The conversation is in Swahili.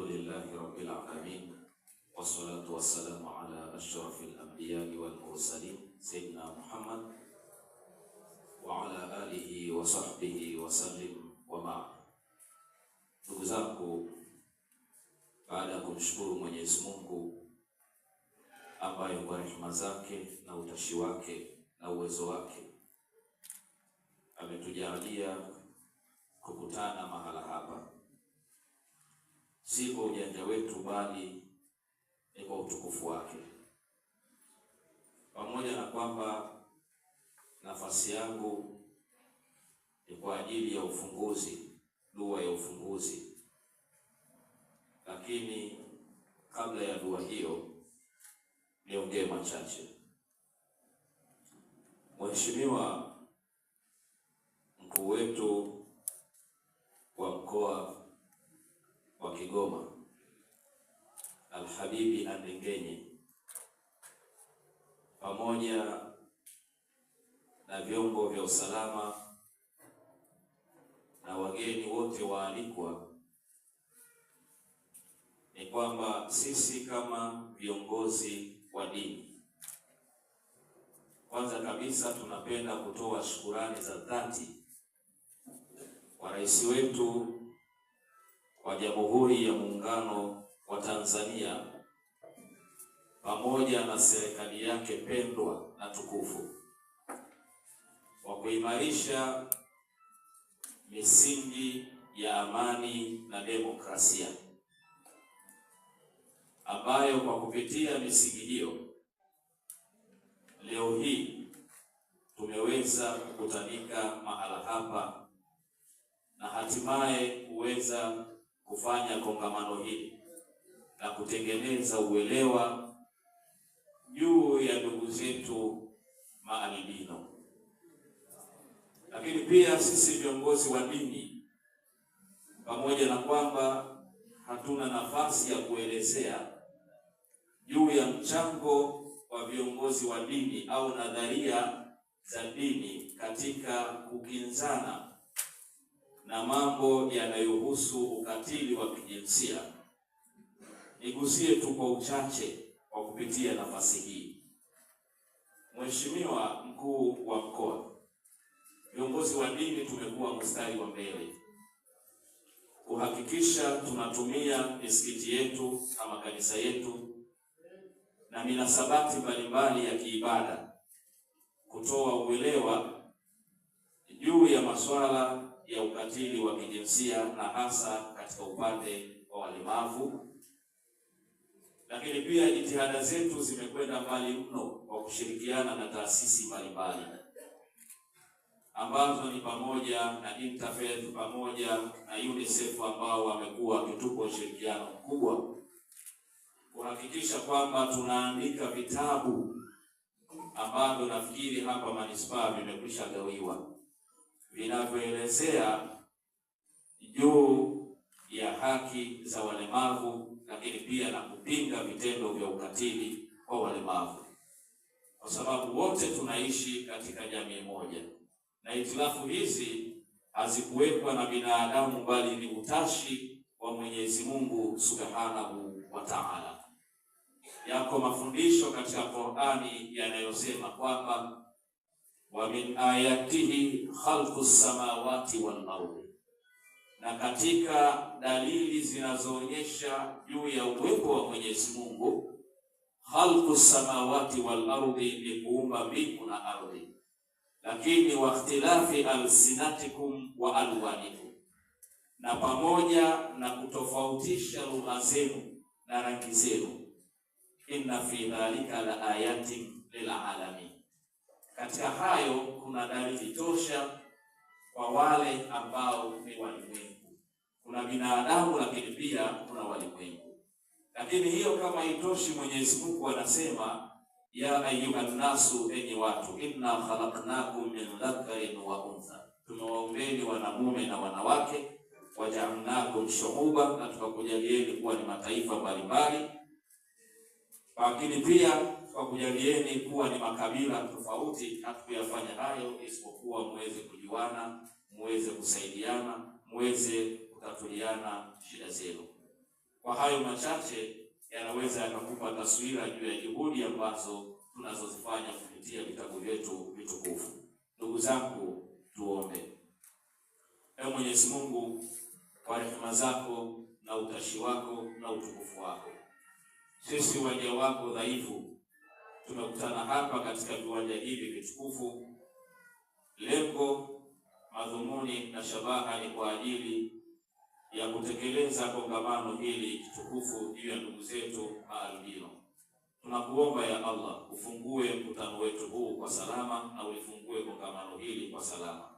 Alhamdulillahi rabbil alamin wassalatu wassalamu ala ashrafil anbiya'i wal mursalin sayyidina Muhammad wa ala alihi wa sahbihi wasallim wa ba'd. Ndugu zangu, baada ya kumshukuru Mwenyezi Mungu ambaye kwa zake na utashi wake na uwezo wake ametujalia kukutana mahala hapa si kwa ujanja wetu, bali ni kwa utukufu wake. Pamoja na kwamba nafasi yangu ni kwa ajili ya ufunguzi, dua ya ufunguzi, lakini kabla ya dua hiyo niongee machache. Mheshimiwa mkuu wetu ili apengenye, pamoja na vyombo vya usalama na wageni wote waalikwa, ni kwamba sisi kama viongozi wa dini, kwanza kabisa tunapenda kutoa shukurani za dhati kwa rais wetu wa Jamhuri ya Muungano wa Tanzania pamoja na serikali yake pendwa na tukufu kwa kuimarisha misingi ya amani na demokrasia ambayo kwa kupitia misingi hiyo leo hii tumeweza kukutanika mahala hapa na hatimaye kuweza kufanya kongamano hili na kutengeneza uelewa juu ya ndugu zetu maalbino, lakini pia sisi viongozi wa dini, pamoja na kwamba hatuna nafasi ya kuelezea juu ya mchango wa viongozi wa dini au nadharia za dini katika kukinzana na mambo yanayohusu ukatili wa kijinsia, nigusie tu kwa uchache kwa kupitia nafasi hii. Mheshimiwa mkuu wa mkoa, viongozi wa dini tumekuwa mstari wa mbele kuhakikisha tunatumia misikiti yetu na kanisa yetu na minasabati mbalimbali ya kiibada kutoa uelewa juu ya masuala ya ukatili wa kijinsia na hasa katika upande wa walemavu lakini pia jitihada zetu zimekwenda mbali mno kwa kushirikiana na taasisi mbalimbali ambazo ni pamoja na Interfaith pamoja na UNICEF ambao wamekuwa wakitupa ushirikiano mkubwa kuhakikisha kwamba tunaandika vitabu ambavyo nafikiri hapa manispaa vimekwisha gawiwa vinavyoelezea juu ya haki za walemavu lakini pia na kupinga vitendo vya ukatili kwa walemavu, kwa sababu wote tunaishi katika jamii moja, na itilafu hizi hazikuwekwa na binadamu, bali ni utashi wa Mwenyezi Mungu Subhanahu wa Ta'ala. Yako mafundisho katika Qur'ani yanayosema kwamba wa min ayatihi khalqu samawati wal ardi na katika dalili zinazoonyesha juu ya uwepo wa Mwenyezi Mungu, khalqu samawati wal ardi, ni kuumba mbingu na ardhi, lakini wa ikhtilafi alsinatikum wa alwanikum, na pamoja na kutofautisha lugha zenu na rangi zenu, inna fi dhalika la ayatin lil alamin, katika hayo kuna dalili tosha kwa wale ambao ni walimwengu. Kuna binadamu lakini pia kuna walimwengu. Lakini hiyo kama haitoshi, Mwenyezi Mungu anasema ya ayuha nnasu, enyi watu, inna khalaqnakum min dhakarin wa untha, tumewaumbeni wanamume na wanawake, wajaalnakum shuuba, na tukakujalieni kuwa ni mataifa mbalimbali, lakini pia kwa kujalieni kuwa ni makabila tofauti, kuyafanya hayo isipokuwa muweze kujuana, muweze kusaidiana, muweze kutatuliana shida zenu. Kwa hayo machache yanaweza yakakupa taswira juu ya juhudi ambazo tunazozifanya kupitia vitabu vyetu vitukufu. Ndugu zangu, tuombe. Ewe Mwenyezi Mungu, kwa rehema zako na utashi wako na utukufu wako, sisi waja wako dhaifu tumekutana hapa katika viwanja hivi vitukufu. Lengo, madhumuni na shabaha ni kwa ajili ya kutekeleza kongamano hili tukufu juu ya ndugu zetu maalbino. Tunakuomba ya Allah ufungue mkutano wetu huu kwa salama na ulifungue kongamano hili kwa salama.